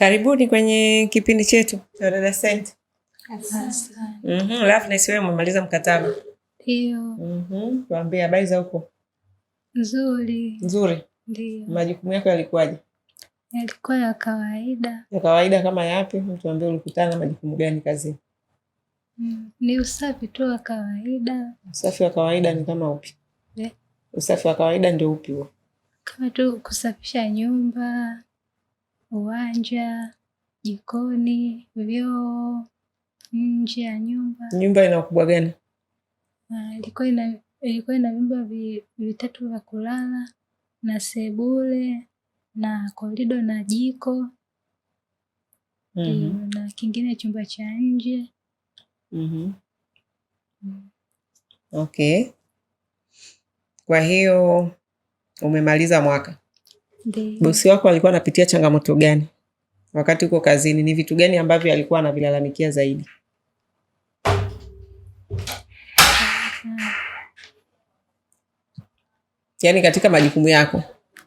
Karibuni kwenye kipindi chetu cha dada Senti. Loveness, wewe umemaliza mkataba? Ndio. Mhm, tuambie habari za huko. Nzuri. Nzuri. Ndio. Majukumu yako yalikuwaje? Yalikuwa ya kawaida. Ya kawaida kama yapi? Tuambie, ulikutana majukumu gani kazini? Mm, ni usafi tu wa kawaida. Usafi wa kawaida ni kama upi? Yeah. Usafi wa kawaida ndio upi huo? Kama tu kusafisha nyumba uwanja, jikoni, vyoo, nje ya nyumba. Nyumba ina ukubwa gani? Ah, ilikuwa ina ilikuwa ina vyumba vitatu vya kulala na sebule na korido na jiko mm -hmm. na kingine chumba cha nje mm -hmm. mm. Okay, kwa hiyo umemaliza mwaka bosi wako alikuwa anapitia changamoto gani wakati uko kazini? Ni vitu gani ambavyo alikuwa anavilalamikia zaidi? Yaani katika majukumu yako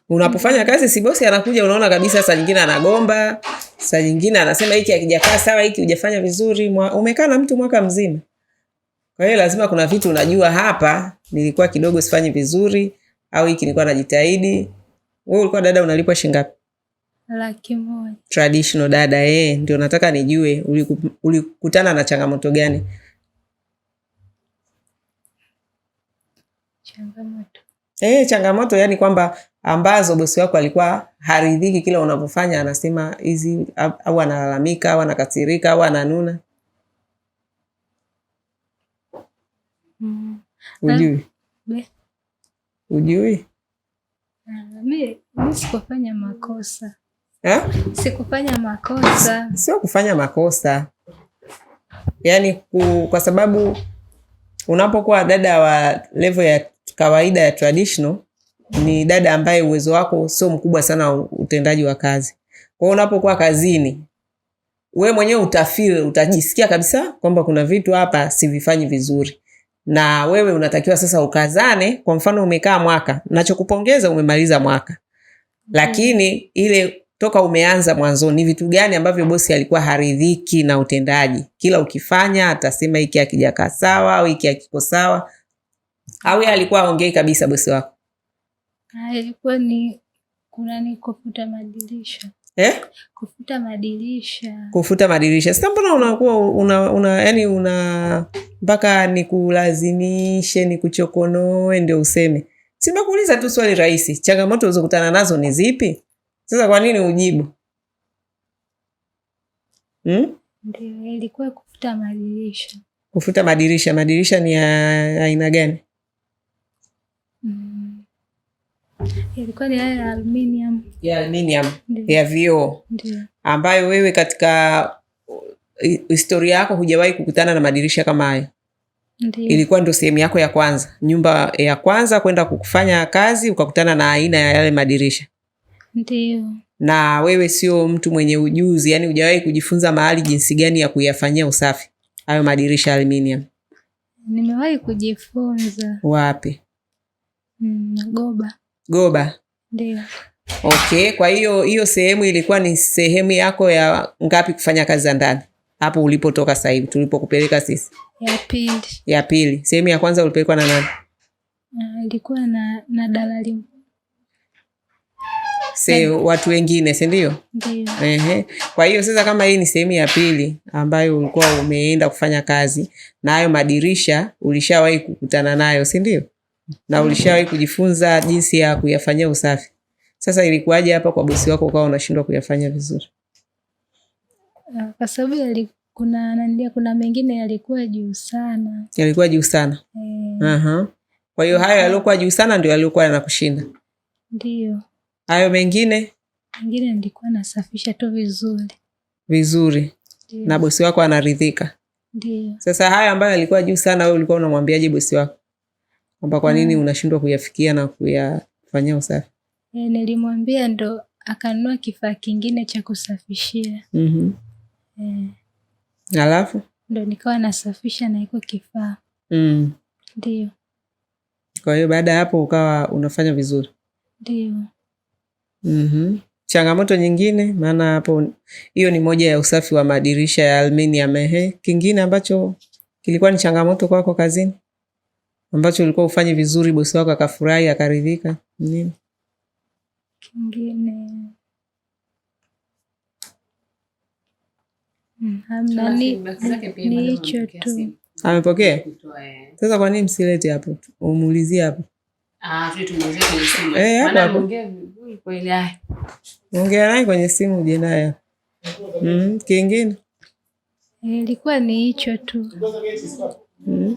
unapofanya kazi, si bosi anakuja, unaona kabisa, saa nyingine anagomba, saa nyingine anasema hiki hakijakaa sawa, hiki hujafanya vizuri. Umekaa na mtu mwaka mzima, kwa hiyo lazima kuna vitu unajua, hapa nilikuwa kidogo sifanyi vizuri, au hiki nilikuwa najitahidi wewe ulikuwa dada unalipwa shilingi ngapi? Laki moja. Traditional dada, eh, ndio nataka nijue ulikutana na changamoto gani? Changamoto. Eh, changamoto yani kwamba ambazo bosi wako alikuwa haridhiki kila unavyofanya, anasema hizi au analalamika au anakasirika au ananuna. Mm. Ujui? Ujui? Mimi ah, sikufanya makosa eh? Sikufanya makosa, sio kufanya makosa yaani ku, kwa sababu unapokuwa dada wa level ya kawaida ya traditional ni dada ambaye uwezo wako sio mkubwa sana utendaji wa kazi. Kwa hiyo unapokuwa kazini, we mwenyewe utafeel, utajisikia kabisa kwamba kuna vitu hapa sivifanyi vizuri, na wewe unatakiwa sasa ukazane. Kwa mfano umekaa mwaka, nachokupongeza umemaliza mwaka, lakini ile toka umeanza mwanzoni, ni vitu gani ambavyo bosi alikuwa haridhiki na utendaji? Kila ukifanya atasema hiki akijakaa sawa au hiki akiko sawa, au yeye alikuwa aongei kabisa bosi wako? Ah, ilikuwa ni kuna ni madirisha eh? Kufuta madirisha, kufuta madirisha. Sasa mbona unakuwa una, una yani una mpaka nikulazimishe nikuchokonoe ndio useme? Simekuuliza tu swali rahisi, changamoto uzokutana nazo ni zipi? Sasa kwa nini ujibu? hmm? Ndio ilikuwa kufuta madirisha. Kufuta madirisha, madirisha ni ya aina gani? Yalikuwa ni haya ya aluminium, ya aluminium ya vioo, ambayo wewe katika uh, historia yako hujawahi kukutana na madirisha kama hayo Ndiyo. Ilikuwa ndo sehemu yako ya kwanza, nyumba ya kwanza kwenda kufanya kazi, ukakutana na aina ya yale madirisha. Ndiyo. Na wewe sio mtu mwenye ujuzi, yani hujawahi kujifunza mahali jinsi gani ya kuyafanyia usafi hayo madirisha aluminium. Nimewahi kujifunza. Wapi? Mm, Goba. Goba. Ndio. Okay, kwa hiyo hiyo sehemu ilikuwa ni sehemu yako ya ngapi kufanya kazi za ndani hapo ulipotoka sasa hivi tulipokupeleka sisi? Ya pili. Ya pili. Sehemu ya kwanza ulipelekwa na nani? Na, ilikuwa na, na dalali se watu wengine si ndio? Ehe. Kwa hiyo sasa, kama hii ni sehemu ya pili ambayo ulikuwa umeenda kufanya kazi na hayo madirisha, ulishawahi kukutana nayo si ndio? na ulishawahi kujifunza jinsi ya kuyafanyia usafi. Sasa ilikuwaje hapa kwa bosi wako ukawa unashindwa kuyafanya vizuri? Ah, kwa sababu kuna nandia, kuna mengine yalikuwa juu sana, yalikuwa juu sana e. Aha. Kwa hiyo hayo ah. yaliokuwa juu sana ndio yaliokuwa yanakushinda? Ndio. Hayo mengine mengine nilikuwa nasafisha tu vizuri vizuri. Ndiyo. Na bosi wako anaridhika? Ndio. Sasa hayo ambayo yalikuwa juu sana, wewe ulikuwa unamwambiaje bosi wako? kwamba kwa nini mm. unashindwa kuyafikia na kuyafanyia usafi? E, nilimwambia ndo akanunua kifaa kingine cha kusafishia. mm -hmm. E, alafu ndo nikawa nasafisha na iko kifaa mm. Ndio. Kwa hiyo baada ya hapo ukawa unafanya vizuri? Ndio. mm -hmm. Changamoto nyingine, maana hapo, hiyo ni moja ya usafi wa madirisha ya aluminium. Ehe, kingine ambacho kilikuwa ni changamoto kwako kwa kazini? ambacho ulikuwa ufanye vizuri, bosi wako akafurahi akaridhika? Nini kingine? Hmm, hicho tu amepokea. Eh. Sasa kwa nini msilete hapo, umuulizie hapo? Ah, eh, ah. Ongea naye kwenye simu, uje naye hmm, kingine. Ilikuwa ni hicho tu. Hmm.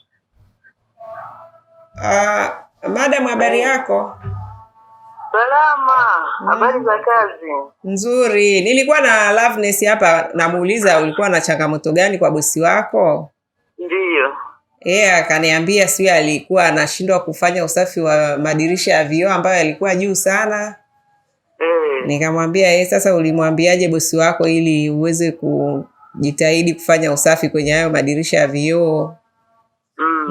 Uh, madam habari eh, yako? Salama. Mm. Habari za kazi? Nzuri. Nilikuwa na Loveness hapa, namuuliza ulikuwa na changamoto gani kwa bosi wako? Ndiyo. Yeah, akaniambia sio, alikuwa anashindwa kufanya usafi wa madirisha ya vioo ambayo yalikuwa juu sana. Eh. Nikamwambia yeye, eh, sasa ulimwambiaje bosi wako ili uweze kujitahidi kufanya usafi kwenye hayo madirisha ya vioo?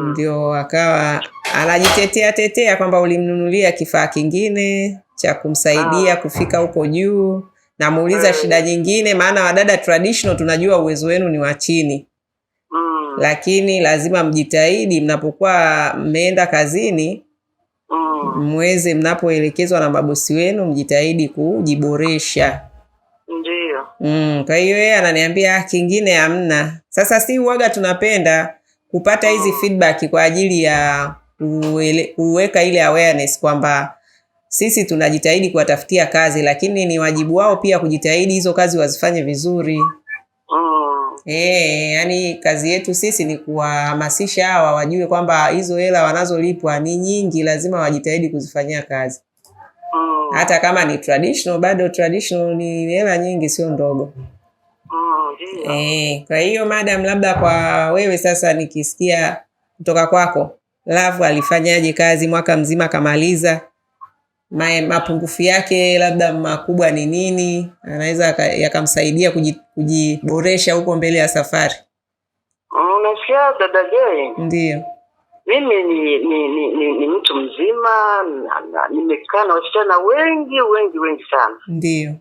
Ah. ndio akawa anajitetea tetea kwamba ulimnunulia kifaa kingine cha kumsaidia ah. kufika huko juu. Namuuliza mm. shida nyingine, maana wadada traditional tunajua uwezo wenu ni wa chini, mm. lakini lazima mjitahidi mnapokuwa mmeenda kazini mm. mweze mnapoelekezwa na mabosi wenu mjitahidi kujiboresha. Ndiyo. Mm, kwa hiyo yeye ananiambia ah, kingine hamna. Sasa si uwaga tunapenda kupata hizi oh. feedback kwa ajili ya kuweka ile awareness kwamba sisi tunajitahidi kuwatafutia kazi, lakini ni wajibu wao pia kujitahidi hizo kazi wazifanye vizuri. Mm. Eh, yani kazi yetu sisi ni kuwahamasisha hawa wajue kwamba hizo hela wanazolipwa ni nyingi, lazima wajitahidi kuzifanyia kazi. Mm. Hata kama ni traditional, bado traditional ni hela nyingi, sio ndogo. Eh, kwa hiyo madam, labda kwa wewe sasa, nikisikia kutoka kwako Love alifanyaje kazi mwaka mzima akamaliza, mapungufu yake labda makubwa ni nini, anaweza yakamsaidia kujiboresha huko mbele ya safari. Unasikia mm, dada Jay? Ndiyo, mimi ni ni, ni, ni ni mtu mzima, nimekaa na wasichana wengi wengi wengi sana, ndiyo,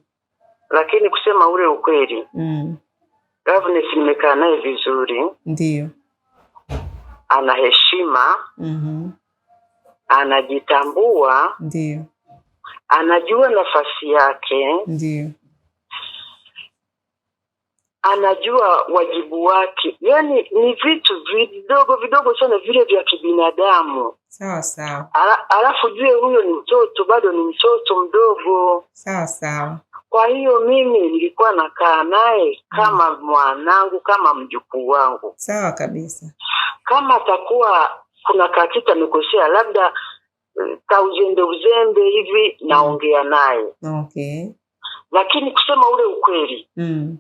lakini kusema ule ukweli mm. Gavana nimekaa naye vizuri, ndio ana heshima mm -hmm. Anajitambua, ndio anajua nafasi yake, ndio anajua wajibu wake. Yani ni vitu vidogo vidogo sana vile vya kibinadamu. Sawa sawa. alafu jue huyo ni mtoto, bado ni mtoto mdogo. Sawa sawa kwa hiyo mimi nilikuwa nakaa naye kama mm. mwanangu, kama mjukuu wangu. Sawa kabisa. Kama atakuwa kuna katika amekosea labda eh, kauzembe uzembe hivi mm. naongea naye okay. Lakini kusema ule ukweli mm.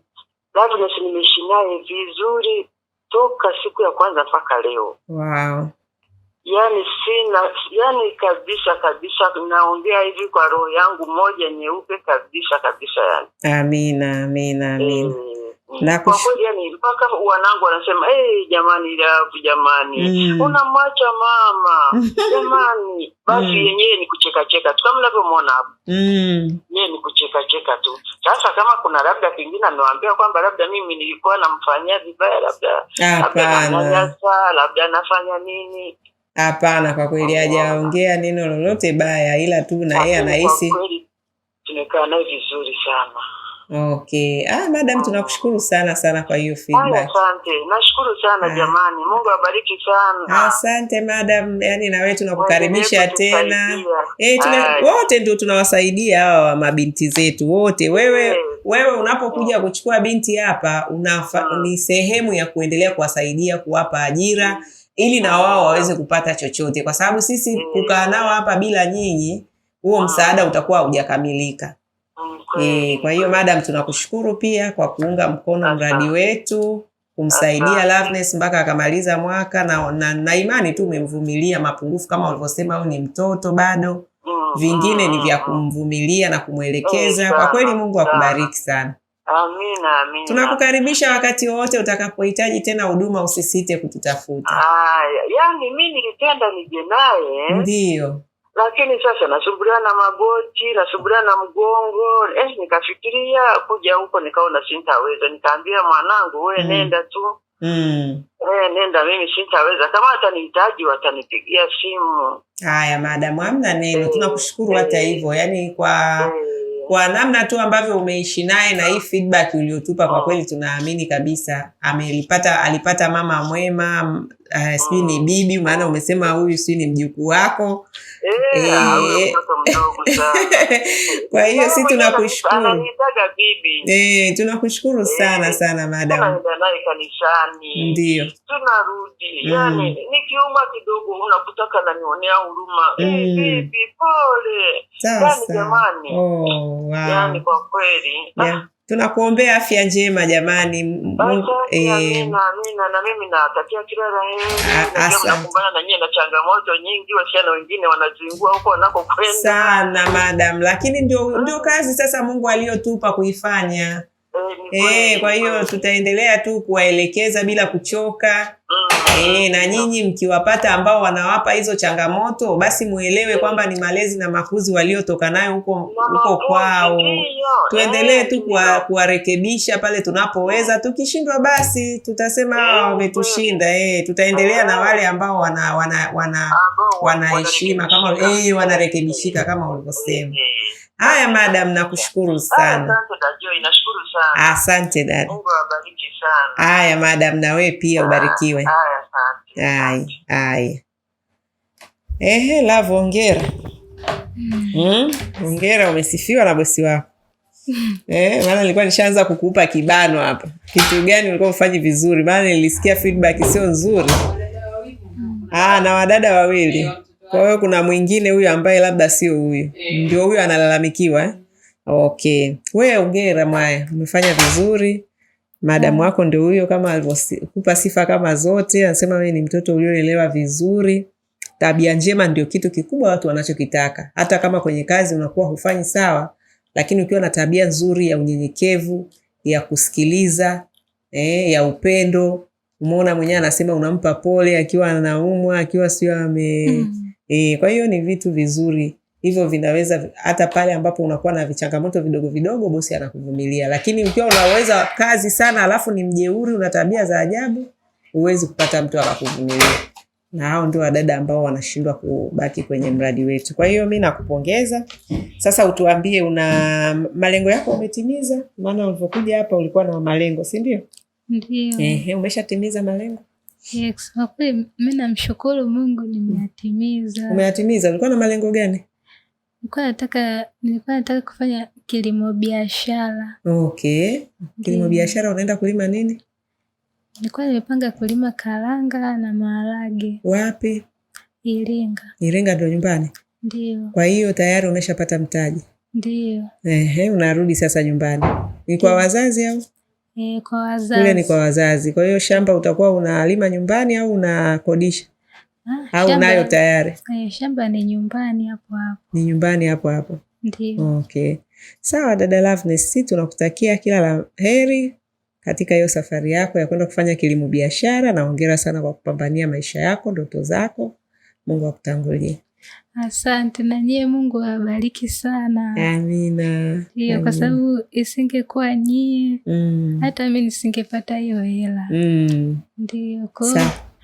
lazima nimeishi naye vizuri toka siku ya kwanza mpaka leo. Wow yani sina yani kabisa kabisa, naongea hivi kwa roho yangu moja nyeupe kabisa kabisa, yani amina amina amina e, na kwa kweli yani mpaka wanangu wanasema hey, eh, jamani ilafu jamani mm. unamwacha mama jamani basi mm. yenyewe ni kuchekacheka tu kama unavyomwona hapo mm. yeye ni kuchekacheka tu sasa kama kuna labda kingine amewambia kwamba labda mimi nilikuwa namfanyia vibaya labda labda namnyanyasa labda nafanya nini Hapana, kwa kweli hajaongea neno lolote baya, ila tu na yeye anahisi. Tumekaa naye vizuri sana. Okay. Ah, madam tunakushukuru sana sana kwa hiyo feedback. Asante. Nashukuru sana ah, jamani. Mungu awabariki sana. Asante madam, yaani na wewe tunakukaribisha tena. Eh, wote ndio tunawasaidia hawa mabinti zetu wote. Wewe yeah. Wewe unapokuja kuchukua binti hapa unafa, ah. Ni sehemu ya kuendelea kuwasaidia kuwapa ajira hmm ili na wao ah. waweze kupata chochote, kwa sababu sisi mm. kukaa nao hapa bila nyinyi, huo ah. msaada utakuwa haujakamilika. E, kwa hiyo madam, tunakushukuru pia kwa kuunga mkono mradi wetu kumsaidia Loveness mpaka akamaliza mwaka na, na, na imani tu umemvumilia mapungufu kama ulivyosema, au ni mtoto bado, mm. vingine ni vya mm. kumvumilia na kumwelekeza. Kwa kweli Mungu akubariki sana. Amina, amina. Tunakukaribisha wakati wote utakapohitaji tena huduma, usisite kututafuta. Haya, yani mi nilipenda nije naye eh? ndio lakini sasa nasumbuliwa na magoti, nasumbuliwa na mgongo eh, nikafikiria kuja huko, nikaona sintaweza, nikaambia mwanangu, we mm. nenda tu mm. Eh, nenda, mimi sintaweza. Kama watanihitaji watanipigia simu. Haya, maadamu hamna neno, eh, tunakushukuru hata eh. hivyo, yani kwa mm kwa namna tu ambavyo umeishi naye na hii feedback uliotupa, kwa oh. kweli tunaamini kabisa amelipata, alipata mama mwema uh, sijui ni bibi, maana umesema huyu sijui ni mjukuu wako e, kwa hiyo si tunakushukuru e, tunakushukuru sana e, sana madam, ndio tunarudi mm. Yani kidogo huruma mm. E, bibi pole, yani jamani, oh, wow. Yani kwa kweli yeah tunakuombea afya njema jamani. Mungu sana madam, lakini ndio ah. kazi sasa Mungu aliyotupa kuifanya. E, kwa hiyo tutaendelea tu kuwaelekeza bila kuchoka e, na mm. nyinyi mkiwapata ambao wanawapa hizo changamoto basi muelewe kwamba ni malezi na makuzi waliotoka nayo huko huko kwao. Tuendelee tu kuwarekebisha pale tunapoweza, tukishindwa basi tutasema wametushinda. E, tutaendelea na ah. wale ambao wana wanaheshima wana, wana kama e, wanarekebishika kama ulivyosema. Haya madam, nakushukuru ah, sana. Asante dada. Haya madam, na wewe pia ah, ubarikiwe. Haya haya. Ehe, Love, hongera. Mm, umesifiwa na bosi wako. Eh, maana nilikuwa nishaanza kukupa kibano hapa, kitu gani ulikuwa ufanyi vizuri, maana nilisikia feedback sio nzuri. Ah, na wadada wawili kwa hiyo kuna mwingine huyu ambaye labda sio huyu, eh. ndio huyu analalamikiwa eh? Okay, we ongera mwaya, umefanya vizuri. Madamu wako ndio huyo, kama alivyokupa sifa kama zote, anasema wewe ni mtoto uliolelewa vizuri. Tabia njema ndio kitu kikubwa watu wanachokitaka. Hata kama kwenye kazi unakuwa hufanyi sawa, lakini ukiwa na tabia nzuri ya unyenyekevu, ya kusikiliza eh, ya upendo. Umeona mwenyewe anasema unampa pole akiwa anaumwa, akiwa sio ame mm. E, kwa hiyo ni vitu vizuri hivyo vinaweza hata pale ambapo unakuwa na vichangamoto vidogo vidogo, bosi anakuvumilia, lakini ukiwa unaweza kazi sana alafu ni mjeuri, una tabia za ajabu, huwezi kupata mtu anakuvumilia, na hao ndio wadada ambao wanashindwa kubaki kwenye mradi wetu. Kwa hiyo mi nakupongeza. Sasa utuambie, una malengo yako umetimiza? Maana ulivyokuja hapa ulikuwa na malengo, si ndio? Ndio. Ehe, umeshatimiza malengo? Yes, kwa namshukuru Mungu nimeyatimiza. Umeyatimiza. Ulikuwa na malengo gani? Nilikuwa nataka nilikuwa nataka kufanya kilimo biashara. Okay. Kilimo mm. biashara unaenda kulima nini? Nilikuwa nimepanga kulima karanga na maharage. Wapi? Iringa. Iringa ndio nyumbani? Ndio. Kwa hiyo tayari umeshapata mtaji? Ndio. Ehe, unarudi sasa nyumbani. Ni kwa wazazi au? kwa wazazi. ni kwa wazazi. Kwa hiyo shamba utakuwa unalima nyumbani au unakodisha? Ah, au unayo tayari? Eh, shamba ni nyumbani hapo hapo. Ni nyumbani hapo hapo. Ndiyo. Okay. Sawa dada Loveness, sisi tunakutakia kila la heri katika hiyo safari yako ya kwenda kufanya kilimo biashara, na hongera sana kwa kupambania maisha yako, ndoto zako. Mungu akutangulie. Asante na nyie Mungu awabariki sana. Amina. Hiyo kwa sababu isingekuwa nyie mm. hata mi nisingepata hiyo hela mm. ndio ko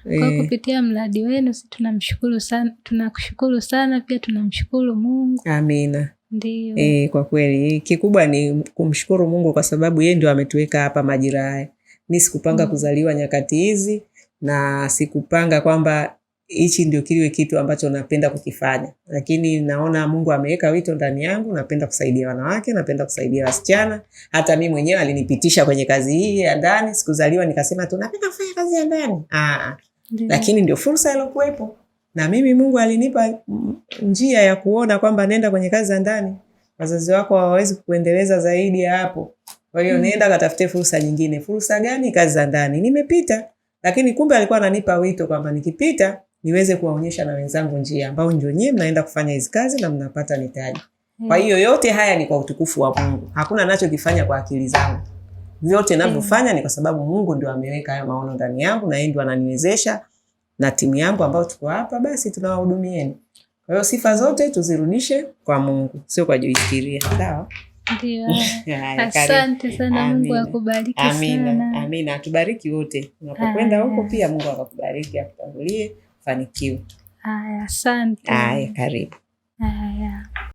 kwa eh. kupitia mradi wenu si tunamshukuru sana, tunakushukuru sana pia tunamshukuru Mungu. Amina. Ndio. E, kwa kweli eh, kikubwa ni kumshukuru Mungu kwa sababu yeye ndio ametuweka hapa majira haya. Mi sikupanga mm. kuzaliwa nyakati hizi na sikupanga kwamba hichi ndio kiliwe kitu ambacho napenda kukifanya, lakini naona Mungu ameweka wito ndani yangu. Napenda kusaidia wanawake, napenda kusaidia wasichana. Hata mi mwenyewe alinipitisha kwenye kazi hii ya ndani. Sikuzaliwa nikasema tu napenda kufanya kazi ya ndani ah, lakini ndio fursa ilokuwepo, na mimi Mungu alinipa njia ya kuona kwamba nenda kwenye kazi za ndani, wazazi wako hawawezi kukuendeleza zaidi ya hapo. Kwa hiyo mm, nenda katafute fursa nyingine. Fursa gani? Kazi za ndani. Nimepita, lakini kumbe alikuwa ananipa wito kwamba nikipita niweze kuwaonyesha na wenzangu njia ambao ndio nyie mnaenda kufanya hizi kazi na mnapata mitaji. Hmm. Kwa hiyo yote haya ni kwa utukufu wa Mungu, hakuna nachokifanya kwa akili zangu. Vyote navyofanya ni kwa sababu Mungu ndio ameweka haya maono ndani yangu, na yeye ndio ananiwezesha na timu yangu ambayo tuko hapa, basi tunawahudumieni. Kwa hiyo sifa zote tuzirudishe kwa Mungu, sio kwa Joyce. Sawa? Ndio. Asante sana, Mungu akubariki sana. Amina, amina, atubariki wote unapokwenda huko, pia Mungu akakubariki akutangulie fanikiwa Haya, asante. Haya, karibu. Haya.